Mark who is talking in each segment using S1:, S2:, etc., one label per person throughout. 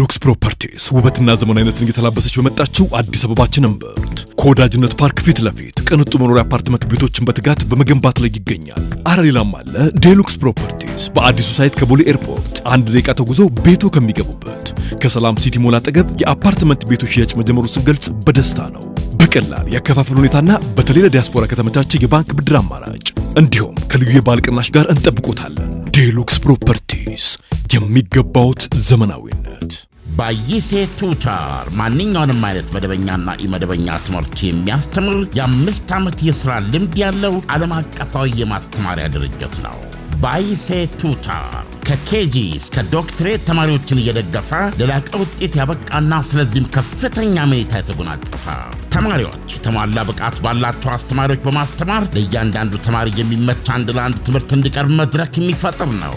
S1: ዴሉክስ ፕሮፐርቲስ ውበትና ዘመናዊነትን እየተላበሰች በመጣችው አዲስ አበባችን እምብርት ከወዳጅነት ፓርክ ፊት ለፊት ቅንጡ መኖሪያ አፓርትመንት ቤቶችን በትጋት በመገንባት ላይ ይገኛል። አረ ሌላም አለ። ዴሉክስ ፕሮፐርቲስ በአዲሱ ሳይት ከቦሌ ኤርፖርት አንድ ደቂቃ ተጉዞ ቤቶ ከሚገቡበት ከሰላም ሲቲ ሞል አጠገብ የአፓርትመንት ቤቶች ሽያጭ መጀመሩ ስንገልጽ በደስታ ነው። በቀላል ያከፋፈል ሁኔታና በተለይ ለዲያስፖራ ከተመቻቸ የባንክ ብድር አማራጭ እንዲሁም ከልዩ የባለ ቅናሽ ጋር እንጠብቆታለን። ዴሉክስ ፕሮፐርቲስ የሚገባውት ዘመናዊነት ባይሴ ቱተር ማንኛውንም አይነት መደበኛና ኢመደበኛ ትምህርት የሚያስተምር የአምስት ዓመት የሥራ ልምድ ያለው ዓለም አቀፋዊ የማስተማሪያ ድርጅት ነው። ባይሴ ቱተር ከኬጂ እስከ ዶክትሬት ተማሪዎችን እየደገፈ ለላቀ ውጤት ያበቃና ስለዚህም ከፍተኛ መኔታ የተጎናጸፈ ተማሪዎች የተሟላ ብቃት ባላቸው አስተማሪዎች በማስተማር ለእያንዳንዱ ተማሪ የሚመች አንድ ለአንድ ትምህርት እንዲቀርብ መድረክ የሚፈጥር ነው።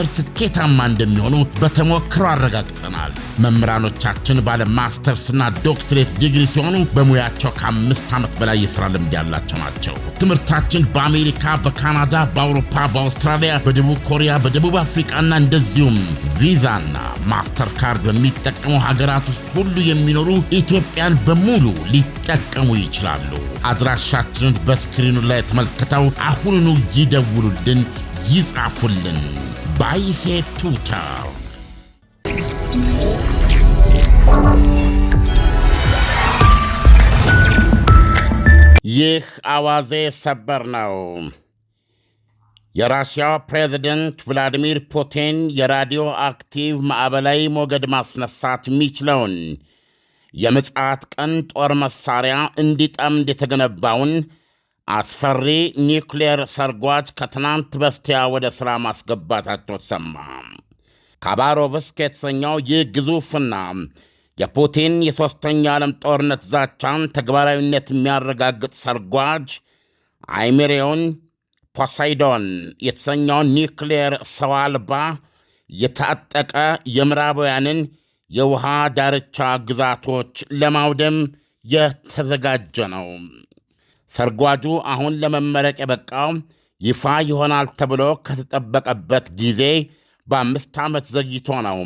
S1: በትምህርት ስኬታማ እንደሚሆኑ በተሞክሮ አረጋግጠናል። መምህራኖቻችን ባለ ማስተርስና ዶክትሬት ዲግሪ ሲሆኑ በሙያቸው ከአምስት ዓመት በላይ የሥራ ልምድ ያላቸው ናቸው። ትምህርታችን በአሜሪካ፣ በካናዳ፣ በአውሮፓ፣ በአውስትራሊያ፣ በደቡብ ኮሪያ፣ በደቡብ አፍሪቃና እንደዚሁም ቪዛና ማስተር ካርድ በሚጠቀሙ ሀገራት ውስጥ ሁሉ የሚኖሩ ኢትዮጵያን በሙሉ ሊጠቀሙ ይችላሉ። አድራሻችንን በስክሪኑ ላይ ተመልክተው አሁኑኑ ይደውሉልን፣ ይጻፉልን። Baize to
S2: ይህ አዋዜ ሰበር ነው። የራሽያው ፕሬዝደንት ቭላዲሚር ፑቲን የራዲዮ አክቲቭ ማዕበላዊ ሞገድ ማስነሳት የሚችለውን የምጽት ቀን ጦር መሣሪያ እንዲጠምድ የተገነባውን አስፈሪ ኒውክሌር ሰርጓጅ ከትናንት በስቲያ ወደ ሥራ ማስገባታቸው ተሰማ ካባሮቭስክ የተሰኘው ይህ ግዙፍና የፑቲን የሦስተኛ ዓለም ጦርነት ዛቻን ተግባራዊነት የሚያረጋግጥ ሰርጓጅ አይሜሬውን ፖሳይዶን የተሰኘውን ኒውክሌር ሰው አልባ የታጠቀ የምዕራባውያንን የውሃ ዳርቻ ግዛቶች ለማውደም የተዘጋጀ ነው። ሰርጓጁ አሁን ለመመረቅ የበቃው ይፋ ይሆናል ተብሎ ከተጠበቀበት ጊዜ በአምስት ዓመት ዘግይቶ ነው።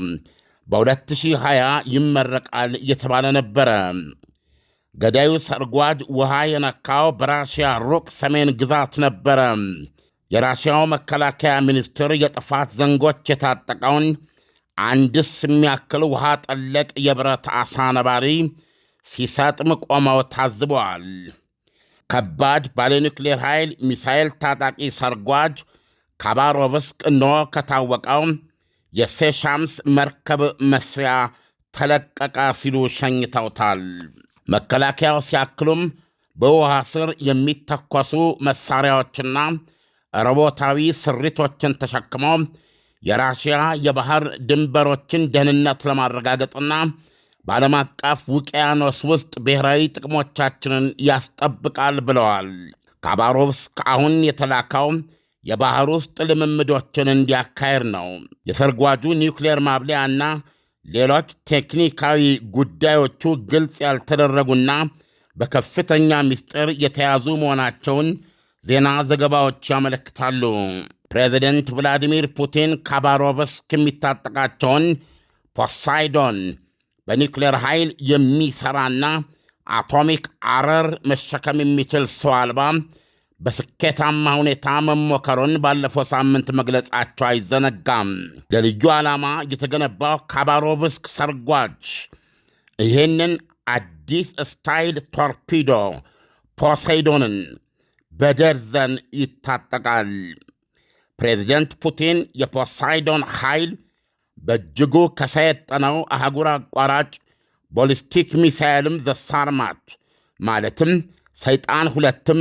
S2: በ2020 ይመረቃል እየተባለ ነበረ። ገዳዩ ሰርጓጅ ውሃ የነካው በራሽያ ሩቅ ሰሜን ግዛት ነበረ። የራሽያው መከላከያ ሚኒስትር የጥፋት ዘንጎች የታጠቀውን አንድስ የሚያክል ውሃ ጠለቅ የብረት አሳ ነባሪ ሲሰጥም ቆመው ታዝበዋል። ከባድ ባለኒውክሌር ኃይል ሚሳኤል ታጣቂ ሰርጓጅ ካባሮቭስክ ኖ ከታወቀው የሴሻምስ መርከብ መስሪያ ተለቀቀ ሲሉ ሸኝተውታል። መከላከያው ሲያክሉም በውሃ ስር የሚተኮሱ መሳሪያዎችና ሮቦታዊ ስሪቶችን ተሸክመው የራሽያ የባህር ድንበሮችን ደህንነት ለማረጋገጥና በዓለም አቀፍ ውቅያኖስ ውስጥ ብሔራዊ ጥቅሞቻችንን ያስጠብቃል ብለዋል። ካባሮቭስክ አሁን የተላካው የባሕር ውስጥ ልምምዶችን እንዲያካሄድ ነው። የሰርጓጁ ኒውክሌር ማብሊያና ሌሎች ቴክኒካዊ ጉዳዮቹ ግልጽ ያልተደረጉና በከፍተኛ ምስጢር የተያዙ መሆናቸውን ዜና ዘገባዎች ያመለክታሉ። ፕሬዚደንት ቭላዲሚር ፑቲን ካባሮቭስክ የሚታጠቃቸውን ፖሳይዶን በኒውክሌር ኃይል የሚሠራና አቶሚክ አረር መሸከም የሚችል ሰው አልባ በስኬታማ ሁኔታ መሞከሩን ባለፈው ሳምንት መግለጻቸው አይዘነጋም። ለልዩ ዓላማ የተገነባው ካባሮቭስክ ሰርጓጅ ይህንን አዲስ ስታይል ቶርፒዶ ፖሴይዶንን በደርዘን ይታጠቃል። ፕሬዚደንት ፑቲን የፖሳይዶን ኃይል በእጅጉ ከሰየጠነው አህጉር አቋራጭ ቦሊስቲክ ሚሳይልም ዘሳርማት ማለትም ሰይጣን ሁለትም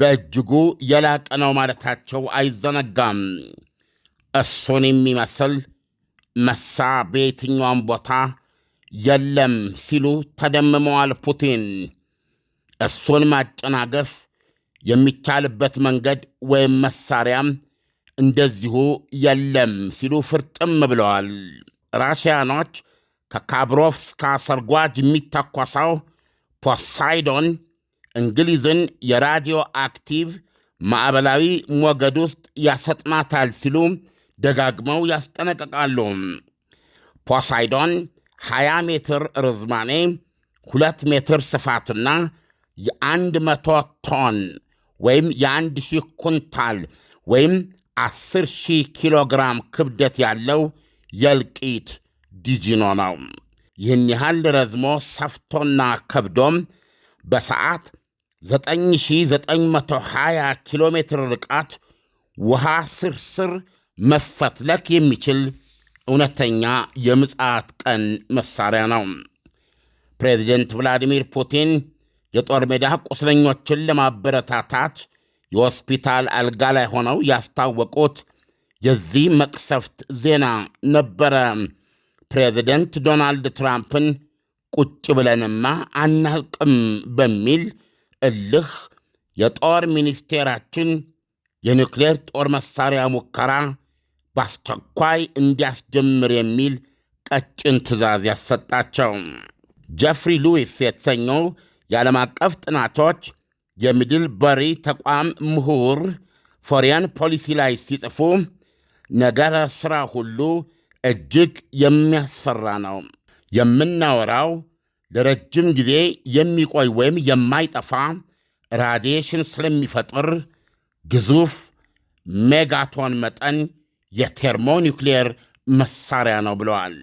S2: በእጅጉ የላቀ ነው ማለታቸው አይዘነጋም። እሱን የሚመስል መሳ በየትኛውም ቦታ የለም ሲሉ ተደምመዋል ፑቲን። እሱን ማጨናገፍ የሚቻልበት መንገድ ወይም መሳሪያም እንደዚሁ የለም ሲሉ ፍርጥም ብለዋል። ራሽያኖች ከካብሮቭስካ ሰርጓጅ የሚተኮሰው ፖሳይዶን እንግሊዝን የራዲዮ አክቲቭ ማዕበላዊ ሞገድ ውስጥ ያሰጥማታል ሲሉ ደጋግመው ያስጠነቅቃሉ። ፖሳይዶን 20 ሜትር ርዝማኔ፣ 2 ሜትር ስፋትና የ100 ቶን ወይም የ1000 ኩንታል ወይም ሺህ ኪሎ ግራም ክብደት ያለው የእልቂት ዲጂኖ ነው። ይህን ያህል ረዝሞ ሰፍቶና ከብዶም በሰዓት 9920 ኪሎ ሜትር ርቃት ውሃ ስርስር መፈትለክ የሚችል እውነተኛ የምጽት ቀን መሳሪያ ነው። ፕሬዚደንት ቭላዲሚር ፑቲን የጦር ሜዳ ቁስለኞችን ለማበረታታት የሆስፒታል አልጋ ላይ ሆነው ያስታወቁት የዚህ መቅሰፍት ዜና ነበረ። ፕሬዚደንት ዶናልድ ትራምፕን ቁጭ ብለንማ አናልቅም በሚል እልህ የጦር ሚኒስቴራችን የኒውክሌር ጦር መሳሪያ ሙከራ በአስቸኳይ እንዲያስጀምር የሚል ቀጭን ትዕዛዝ ያሰጣቸው ጀፍሪ ሉዊስ የተሰኘው የዓለም አቀፍ ጥናቶች በሪ ተቋም ምሁር ፎሪያን ፖሊሲ ላይ ሲጽፉ ነገረ ሥራ ሁሉ እጅግ የሚያስፈራ ነው። የምናወራው ለረጅም ጊዜ የሚቆይ ወይም የማይጠፋ ራዲዬሽን ስለሚፈጥር ግዙፍ ሜጋቶን መጠን የቴርሞኒውክሌር መሳሪያ ነው ብለዋል።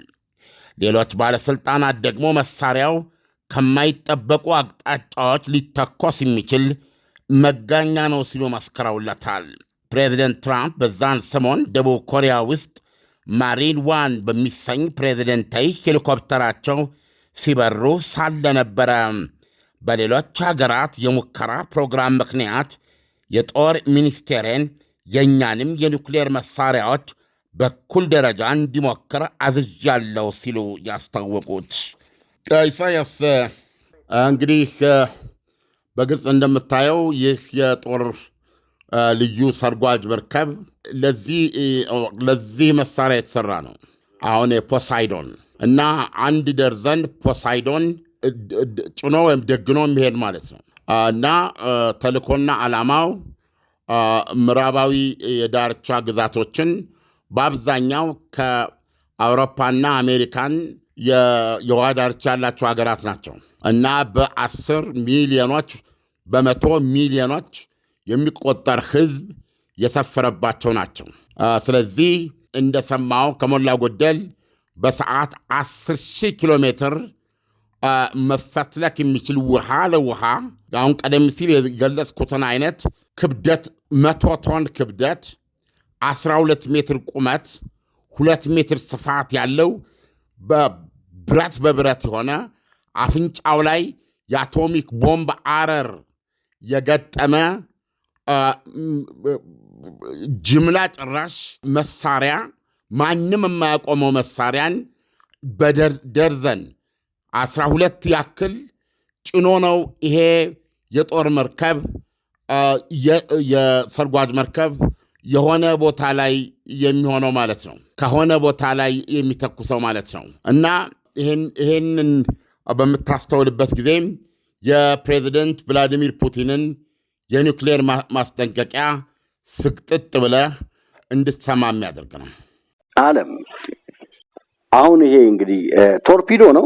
S2: ሌሎች ባለሥልጣናት ደግሞ መሳሪያው ከማይጠበቁ አቅጣጫዎች ሊተኮስ የሚችል መጋኛ ነው ሲሉ መስክረውለታል። ፕሬዚደንት ትራምፕ በዛን ሰሞን ደቡብ ኮሪያ ውስጥ ማሪን ዋን በሚሰኝ ፕሬዚደንታዊ ሄሊኮፕተራቸው ሲበሩ ሳለ ነበረ በሌሎች ሀገራት የሙከራ ፕሮግራም ምክንያት የጦር ሚኒስቴርን የእኛንም የኒውክሌር መሳሪያዎች በኩል ደረጃ እንዲሞክር አዝዣለሁ ሲሉ ያስታወቁት ኢሳያስ እንግዲህ በግልጽ እንደምታየው ይህ የጦር ልዩ ሰርጓጅ መርከብ ለዚህ መሳሪያ የተሰራ ነው። አሁን የፖሳይዶን እና አንድ ደርዘን ፖሳይዶን ጭኖ ወይም ደግኖ የሚሄድ ማለት ነው እና ተልኮና ዓላማው ምዕራባዊ የዳርቻ ግዛቶችን በአብዛኛው ከአውሮፓና አሜሪካን የውሃ ዳርቻ ያላቸው ሀገራት ናቸው እና በአስር ሚሊዮኖች በመቶ ሚሊዮኖች የሚቆጠር ህዝብ የሰፈረባቸው ናቸው። ስለዚህ እንደሰማው ከሞላ ጎደል በሰዓት 10 ሺህ ኪሎ ሜትር መፈትለክ የሚችል ውሃ ለውሃ አሁን ቀደም ሲል የገለጽኩትን አይነት ክብደት መቶ ቶን ክብደት 12 ሜትር ቁመት ሁለት ሜትር ስፋት ያለው በብረት በብረት የሆነ አፍንጫው ላይ የአቶሚክ ቦምብ አረር የገጠመ ጅምላ ጭራሽ መሳሪያ ማንም የማያቆመው መሳሪያን በደርዘን አስራ ሁለት ያክል ጭኖ ነው ይሄ የጦር መርከብ የሰርጓጅ መርከብ የሆነ ቦታ ላይ የሚሆነው ማለት ነው። ከሆነ ቦታ ላይ የሚተኩሰው ማለት ነው እና ይህንን በምታስተውልበት ጊዜ የፕሬዚደንት ቭላዲሚር ፑቲንን የኒውክሌር ማስጠንቀቂያ ስቅጥጥ ብለህ እንድትሰማ የሚያደርግ ነው።
S3: አለም አሁን ይሄ እንግዲህ ቶርፒዶ ነው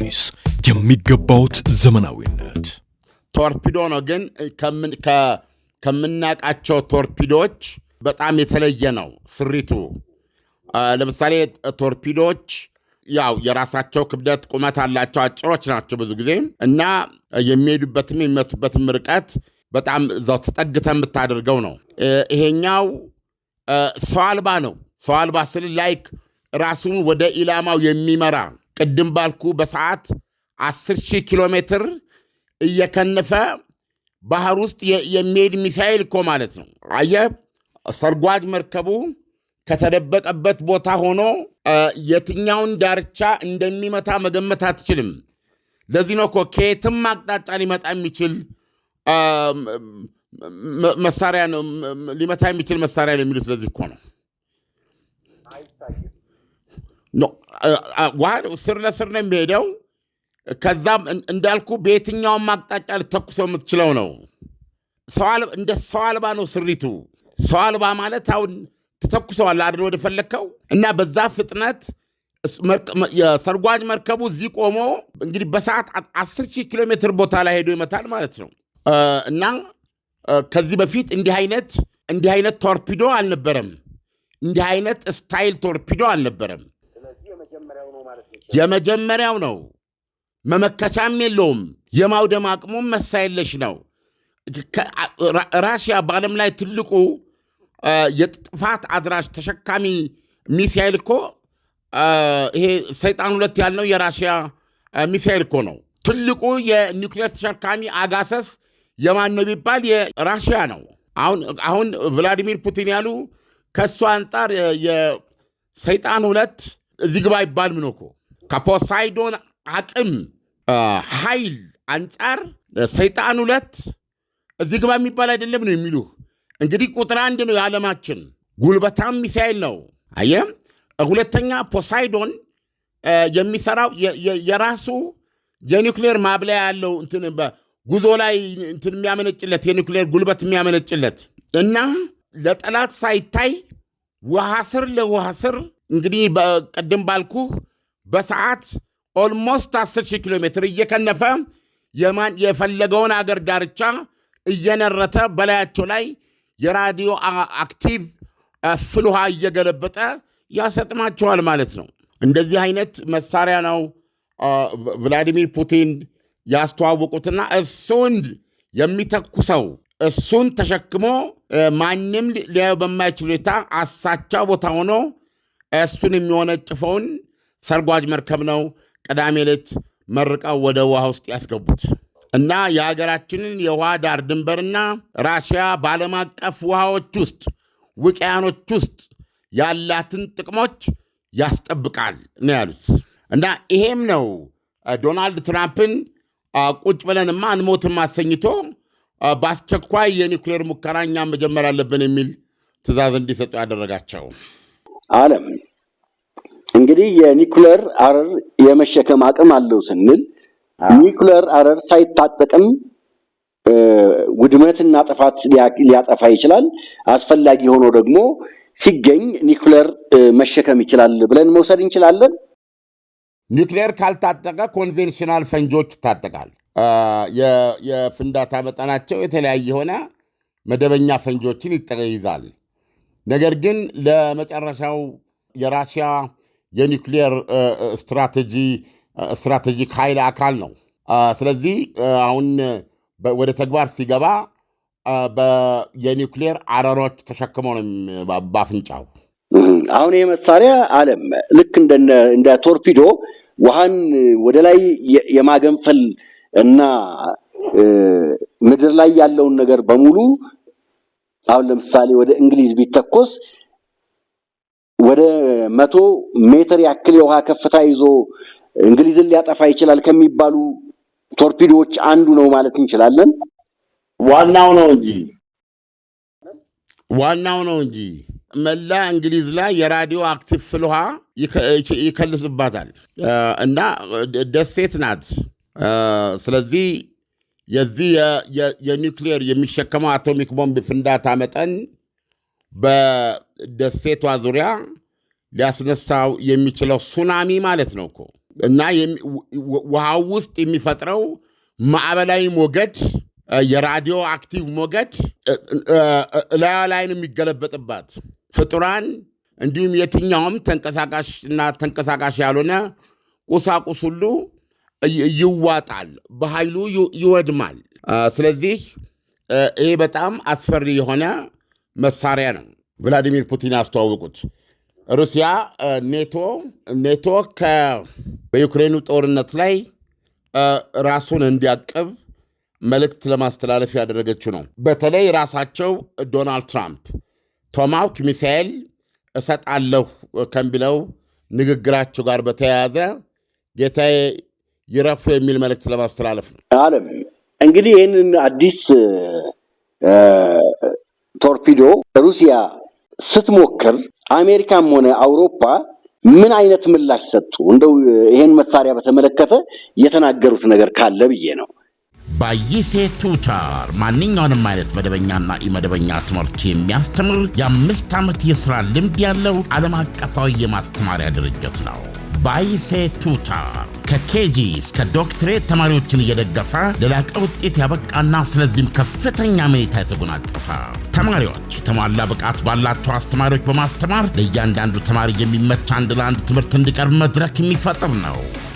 S1: አዲስ የሚገባውት ዘመናዊነት
S2: ቶርፒዶ ነው። ግን ከምናውቃቸው ቶርፒዶዎች በጣም የተለየ ነው ስሪቱ። ለምሳሌ ቶርፒዶዎች ያው የራሳቸው ክብደት፣ ቁመት አላቸው። አጭሮች ናቸው ብዙ ጊዜ እና የሚሄዱበትም የሚመቱበትም ርቀት በጣም እዛው ተጠግተ የምታደርገው ነው። ይሄኛው ሰው አልባ ነው። ሰው አልባ ስል ላይክ ራሱን ወደ ኢላማው የሚመራ ቅድም ባልኩ በሰዓት 10 ኪሎ ሜትር እየከነፈ ባህር ውስጥ የሚሄድ ሚሳኤል እኮ ማለት ነው። አየህ ሰርጓጅ መርከቡ ከተደበቀበት ቦታ ሆኖ የትኛውን ዳርቻ እንደሚመታ መገመት አትችልም። ለዚህ ነው እኮ ከየትም አቅጣጫ ሊመጣ የሚችል መሳሪያ ነው ሊመታ የሚችል መሳሪያ ነው የሚሉት። ለዚህ እኮ ነው። ስር ለስር ነው የሚሄደው። ከዛም እንዳልኩ በየትኛውም አቅጣጫ ልተኩሰው የምትችለው ነው። እንደ ሰው አልባ ነው ስሪቱ። ሰው አልባ ማለት አሁን ተተኩሰዋል አይደል ደፈለከው እና በዛ ፍጥነት የሰርጓጅ መርከቡ እዚህ ቆሞ እንግዲህ በሰዓት 10 ሺህ ኪሎ ሜትር ቦታ ላይ ሄዶ ይመታል ማለት ነው እና ከዚህ በፊት እንዲህ አይነት እንዲህ አይነት ቶርፒዶ አልነበረም። እንዲህ አይነት ስታይል ቶርፒዶ አልነበረም። የመጀመሪያው ነው። መመከቻም የለውም። የማውደም አቅሙም መሳየለሽ ነው። ራሽያ በዓለም ላይ ትልቁ የጥፋት አድራሽ ተሸካሚ ሚሳይል እኮ ይሄ ሰይጣን ሁለት ያልነው የራሽያ ሚሳይል እኮ ነው። ትልቁ የኒውክሌር ተሸካሚ አጋሰስ የማን ነው ቢባል የራሽያ ነው። አሁን ቭላዲሚር ፑቲን ያሉ ከእሱ አንጻር የሰይጣን ሁለት እዚህ ግባ ይባል ምን እኮ ከፖሳይዶን አቅም ኃይል አንጻር ሰይጣን ሁለት እዚህ ግባ የሚባል አይደለም ነው የሚሉ እንግዲህ ቁጥር አንድ ነው የዓለማችን ጉልበታም ሚሳኤል ነው። አየህ ሁለተኛ ፖሳይዶን የሚሰራው የራሱ የኒውክሌር ማብለያ ያለው በጉዞ ላይ እንትን የሚያመነጭለት የኒውክሌር ጉልበት የሚያመነጭለት እና ለጠላት ሳይታይ ውሃ ስር ለውሃ ስር እንግዲህ ቅድም ባልኩህ በሰዓት ኦልሞስት 10 ኪሎ ሜትር እየከነፈ የፈለገውን አገር ዳርቻ እየነረተ በላያቸው ላይ የራዲዮ አክቲቭ ፍልሃ እየገለበጠ ያሰጥማቸዋል ማለት ነው። እንደዚህ አይነት መሳሪያ ነው ቭላዲሚር ፑቲን ያስተዋወቁትና እሱን የሚተኩሰው እሱን ተሸክሞ ማንም ሊያዩ በማይችል ሁኔታ አሳቻ ቦታ ሆኖ እሱን የሚወነጭፈውን ሰርጓጅ መርከብ ነው። ቅዳሜ ዕለት መርቀው ወደ ውሃ ውስጥ ያስገቡት እና የሀገራችንን የውሃ ዳር ድንበርና ራሽያ በዓለም አቀፍ ውሃዎች ውስጥ ውቅያኖች ውስጥ ያላትን ጥቅሞች ያስጠብቃል ነው ያሉት። እና ይሄም ነው ዶናልድ ትራምፕን ቁጭ ብለንማ አንሞትም አሰኝቶ በአስቸኳይ የኒውክሌር ሙከራ እኛ መጀመር አለብን የሚል ትዕዛዝ እንዲሰጡ ያደረጋቸው
S3: ዓለም እንግዲህ የኒኩለር አረር የመሸከም አቅም አለው ስንል ኒኩለር አረር ሳይታጠቅም ውድመትና ጥፋት ሊያጠፋ ይችላል። አስፈላጊ ሆኖ ደግሞ ሲገኝ ኒኩለር መሸከም ይችላል ብለን መውሰድ እንችላለን።
S2: ኒውክሌር ካልታጠቀ ኮንቬንሽናል ፈንጆች ይታጠቃል። የፍንዳታ መጠናቸው የተለያየ የሆነ መደበኛ ፈንጆችን ይጠቀይዛል። ነገር ግን ለመጨረሻው የራሽያ የኒክሌር ስትራቴጂ ስትራቴጂክ ኃይል አካል ነው። ስለዚህ አሁን ወደ ተግባር ሲገባ የኒክሌር አረሮች ተሸክመው ነው ባፍንጫው።
S3: አሁን ይህ መሳሪያ አለም ልክ እንደ ቶርፒዶ ውሃን ወደ ላይ የማገንፈል እና ምድር ላይ ያለውን ነገር በሙሉ አሁን ለምሳሌ ወደ እንግሊዝ ቢተኮስ ወደ መቶ ሜትር ያክል የውሃ ከፍታ ይዞ እንግሊዝን ሊያጠፋ ይችላል ከሚባሉ ቶርፒዶዎች አንዱ ነው ማለት እንችላለን።
S2: ዋናው ነው እንጂ ዋናው ነው እንጂ መላ እንግሊዝ ላይ የራዲዮ አክቲቭ ፍልውሃ ይከልስባታል እና ደሴት ናት። ስለዚህ የዚህ የኒውክሊየር የሚሸከመው አቶሚክ ቦምብ ፍንዳታ መጠን ደሴቷ ዙሪያ ሊያስነሳው የሚችለው ሱናሚ ማለት ነው እኮ እና ውሃው ውስጥ የሚፈጥረው ማዕበላዊ ሞገድ የራዲዮ አክቲቭ ሞገድ እላያ ላይን የሚገለበጥባት ፍጡራን እንዲሁም የትኛውም ተንቀሳቃሽ እና ተንቀሳቃሽ ያልሆነ ቁሳቁስ ሁሉ ይዋጣል፣ በኃይሉ ይወድማል። ስለዚህ ይሄ በጣም አስፈሪ የሆነ መሳሪያ ነው። ቭላዲሚር ፑቲን ያስተዋወቁት። ሩሲያ ኔቶ ኔቶ በዩክሬኑ ጦርነት ላይ ራሱን እንዲያቅብ መልእክት ለማስተላለፍ ያደረገችው ነው። በተለይ ራሳቸው ዶናልድ ትራምፕ ቶማውክ ሚሳኤል እሰጣለሁ ከሚለው ንግግራቸው ጋር በተያያዘ ጌታዬ ይረፉ የሚል መልእክት ለማስተላለፍ ነው።
S3: አለም እንግዲህ ይህንን አዲስ ቶርፒዶ ሩሲያ ስትሞክር አሜሪካም ሆነ አውሮፓ ምን አይነት ምላሽ ሰጡ? እንደው ይሄን መሳሪያ በተመለከተ የተናገሩት ነገር ካለ ብዬ ነው።
S1: ባይሴ ቱታር ማንኛውንም አይነት መደበኛና ኢመደበኛ ትምህርት የሚያስተምር የአምስት ዓመት የሥራ ልምድ ያለው ዓለም አቀፋዊ የማስተማሪያ ድርጅት ነው። ቱታ ከኬጂ እስከ ዶክትሬት ተማሪዎችን እየደገፈ ለላቀ ውጤት ያበቃና ስለዚህም ከፍተኛ መኔታ የተጎናጸፈ ተማሪዎች የተሟላ ብቃት ባላቸው አስተማሪዎች በማስተማር ለእያንዳንዱ ተማሪ የሚመች አንድ ለአንድ ትምህርት እንዲቀርብ መድረክ የሚፈጥር ነው።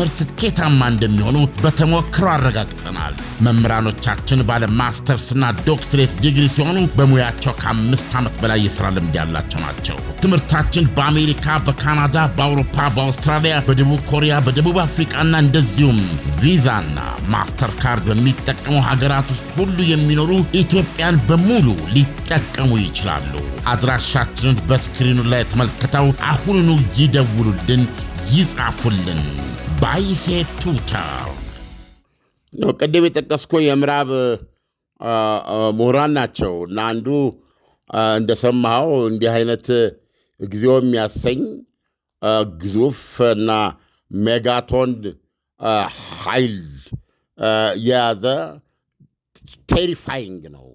S1: በትምህርት ስኬታማ እንደሚሆኑ በተሞክሮ አረጋግጠናል። መምህራኖቻችን ባለ ማስተርስና ዶክትሬት ዲግሪ ሲሆኑ በሙያቸው ከአምስት ዓመት በላይ የሥራ ልምድ ያላቸው ናቸው። ትምህርታችን በአሜሪካ፣ በካናዳ፣ በአውሮፓ፣ በአውስትራሊያ፣ በደቡብ ኮሪያ፣ በደቡብ አፍሪቃና እንደዚሁም ቪዛና ማስተር ካርድ በሚጠቀሙ ሀገራት ውስጥ ሁሉ የሚኖሩ ኢትዮጵያን በሙሉ ሊጠቀሙ ይችላሉ። አድራሻችንን በስክሪኑ ላይ ተመልክተው አሁኑኑ ይደውሉልን፣ ይጻፉልን። ባይሴ ቱታር
S2: ቅድም የጠቀስኮ የምዕራብ ምሁራን ናቸው እና አንዱ እንደሰማኸው እንዲህ አይነት እግዚኦ የሚያሰኝ ግዙፍ እና ሜጋቶን ኃይል የያዘ ቴሪፋይንግ ነው።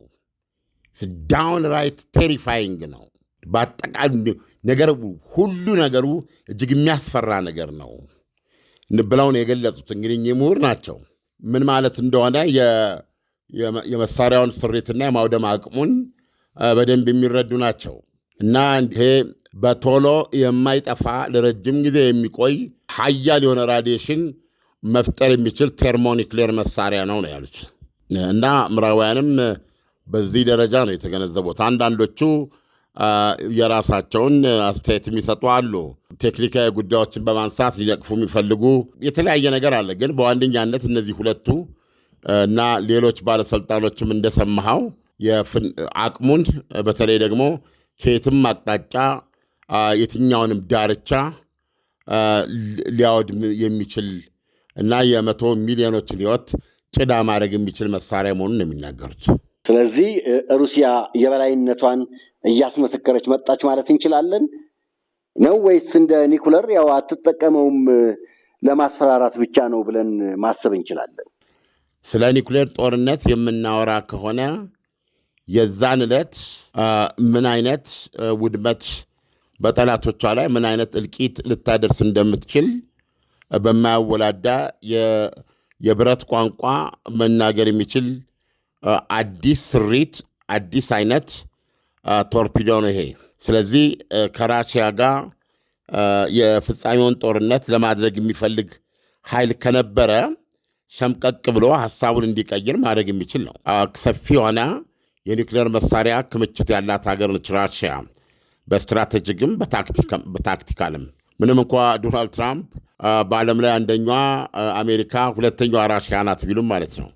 S2: ዳውን ራይት ቴሪፋይንግ ነው። በአጠቃላይ ነገር ሁሉ ነገሩ እጅግ የሚያስፈራ ነገር ነው። ብለውን የገለጹት እንግዲህ እኚህ ምሁር ናቸው። ምን ማለት እንደሆነ የመሳሪያውን ስሪትና የማውደም አቅሙን በደንብ የሚረዱ ናቸው እና ይሄ በቶሎ የማይጠፋ ለረጅም ጊዜ የሚቆይ ሀያል የሆነ ራዲሽን መፍጠር የሚችል ቴርሞኒክሌር መሳሪያ ነው ነው ያሉት እና ምዕራባውያንም በዚህ ደረጃ ነው የተገነዘቡት አንዳንዶቹ የራሳቸውን አስተያየት የሚሰጡ አሉ። ቴክኒካዊ ጉዳዮችን በማንሳት ሊነቅፉ የሚፈልጉ የተለያየ ነገር አለ። ግን በዋነኛነት እነዚህ ሁለቱ እና ሌሎች ባለስልጣኖችም እንደሰማኸው አቅሙን በተለይ ደግሞ ከየትም አቅጣጫ የትኛውንም ዳርቻ ሊያወድም የሚችል እና የመቶ ሚሊዮኖችን ሕይወት ጭዳ ማድረግ የሚችል መሳሪያ መሆኑን ነው የሚናገሩት።
S3: ስለዚህ ሩሲያ የበላይነቷን እያስመሰከረች መጣች ማለት እንችላለን ነው ወይስ እንደ ኒኩለር ያው አትጠቀመውም ለማስፈራራት ብቻ ነው ብለን ማሰብ እንችላለን?
S2: ስለ ኒኩሌር ጦርነት የምናወራ ከሆነ የዛን ዕለት ምን አይነት ውድመት በጠላቶቿ ላይ ምን አይነት እልቂት ልታደርስ እንደምትችል በማያወላዳ የብረት ቋንቋ መናገር የሚችል አዲስ ስሪት፣ አዲስ አይነት ቶርፒዶ ነው ይሄ። ስለዚህ ከራሽያ ጋር የፍጻሜውን ጦርነት ለማድረግ የሚፈልግ ኃይል ከነበረ ሸምቀቅ ብሎ ሀሳቡን እንዲቀይር ማድረግ የሚችል ነው። ሰፊ የሆነ የኒክሌር መሳሪያ ክምችት ያላት ሀገር ነች ራሽያ፣ በስትራቴጂክም በታክቲካልም። ምንም እንኳ ዶናልድ ትራምፕ በዓለም ላይ አንደኛዋ አሜሪካ፣ ሁለተኛዋ ራሽያ ናት ቢሉም ማለት ነው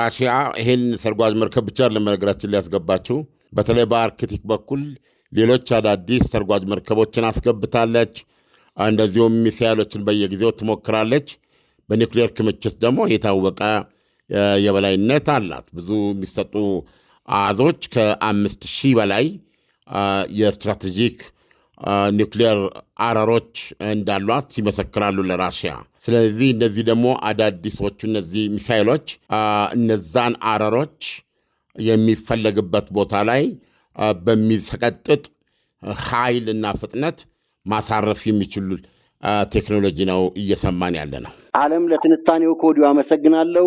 S2: ራሽያ ይህን ሰርጓጅ መርከብ ብቻ ለመነገራችን ሊያስገባችው በተለይ በአርክቲክ በኩል ሌሎች አዳዲስ ሰርጓጅ መርከቦችን አስገብታለች። እንደዚሁም ሚሳይሎችን በየጊዜው ትሞክራለች። በኒውክሌር ክምችት ደግሞ የታወቀ የበላይነት አላት። ብዙ የሚሰጡ አዞች ከአምስት ሺህ በላይ የስትራቴጂክ ኒውክሊየር አረሮች እንዳሏት ይመሰክራሉ ለራሽያ። ስለዚህ እነዚህ ደግሞ አዳዲሶቹ እነዚህ ሚሳይሎች እነዛን አረሮች የሚፈለግበት ቦታ ላይ በሚሰቀጥጥ ኃይል እና ፍጥነት ማሳረፍ የሚችሉ ቴክኖሎጂ ነው እየሰማን ያለ ነው።
S3: ዓለም ለትንታኔው ከወዲሁ አመሰግናለሁ።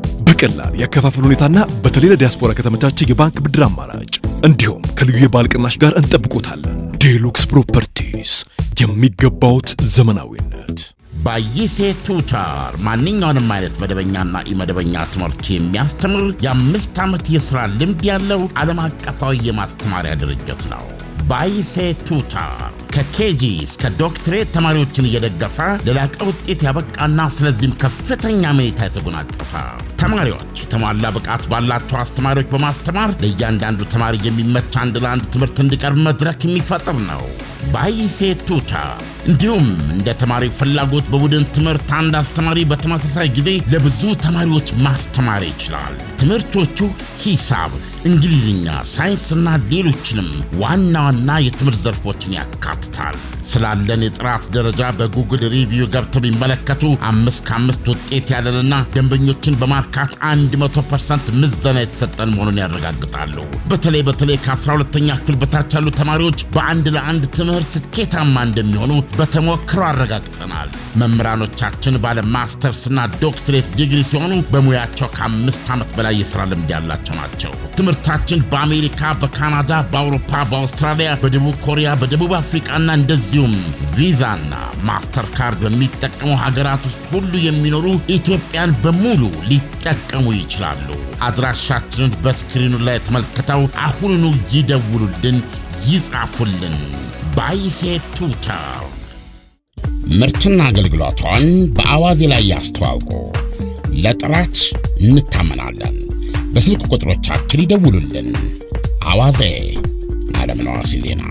S1: ቀላል የአከፋፈል ሁኔታና በተለይ ለዲያስፖራ ከተመቻቸ የባንክ ብድር አማራጭ እንዲሁም ከልዩ የበዓል ቅናሽ ጋር እንጠብቆታለን። ዴሉክስ ፕሮፐርቲስ የሚገባውት ዘመናዊነት ባይሴ ቱታር ማንኛውንም አይነት መደበኛና ኢመደበኛ ትምህርት የሚያስተምር የአምስት ዓመት የሥራ ልምድ ያለው ዓለም አቀፋዊ የማስተማሪያ ድርጅት ነው። ባይሴ ቱታር ከኬጂ እስከ ዶክትሬት ተማሪዎችን እየደገፈ ለላቀ ውጤት ያበቃና ስለዚህም ከፍተኛ መኔታ የተጎናጸፈ ተማሪዎች የተሟላ ብቃት ባላቸው አስተማሪዎች በማስተማር ለእያንዳንዱ ተማሪ የሚመች አንድ ለአንድ ትምህርት እንዲቀርብ መድረክ የሚፈጥር ነው። ቱታ እንዲሁም እንደ ተማሪ ፍላጎት በቡድን ትምህርት አንድ አስተማሪ በተመሳሳይ ጊዜ ለብዙ ተማሪዎች ማስተማር ይችላል። ትምህርቶቹ ሂሳብ፣ እንግሊዝኛ፣ ሳይንስና ሌሎችንም ዋና ዋና የትምህርት ዘርፎችን ያካትታል። ስላለን የጥራት ደረጃ በጉግል ሪቪው ገብተው ቢመለከቱ አምስት ከአምስት ውጤት ያለንና ደንበኞችን በማርካት 100 ፐርሰንት ምዘና የተሰጠን መሆኑን ያረጋግጣሉ። በተለይ በተለይ ከ12ተኛ ክፍል በታች ያሉ ተማሪዎች በአንድ ለአንድ ትምህርት ስኬታማ እንደሚሆኑ በተሞክሮ አረጋግጠናል። መምህራኖቻችን ባለ ማስተርስና ዶክትሬት ዲግሪ ሲሆኑ በሙያቸው ከአምስት ዓመት በላይ የተለያየ የስራ ልምድ ያላቸው ናቸው። ትምህርታችን በአሜሪካ፣ በካናዳ፣ በአውሮፓ፣ በአውስትራሊያ፣ በደቡብ ኮሪያ፣ በደቡብ አፍሪቃና እንደዚሁም ቪዛና ማስተርካርድ በሚጠቀሙ ሀገራት ውስጥ ሁሉ የሚኖሩ ኢትዮጵያን በሙሉ ሊጠቀሙ ይችላሉ። አድራሻችንን በስክሪኑ ላይ ተመልክተው አሁኑኑ ይደውሉልን፣ ይጻፉልን። ባይሴ ቱታ ምርትና አገልግሎቷን በአዋዜ ላይ ያስተዋውቁ። ለጥራች እንታመናለን። በስልክ ቁጥሮቻችን ይደውሉልን። አዋዜ ዓለምነህ ዋሴ ዜና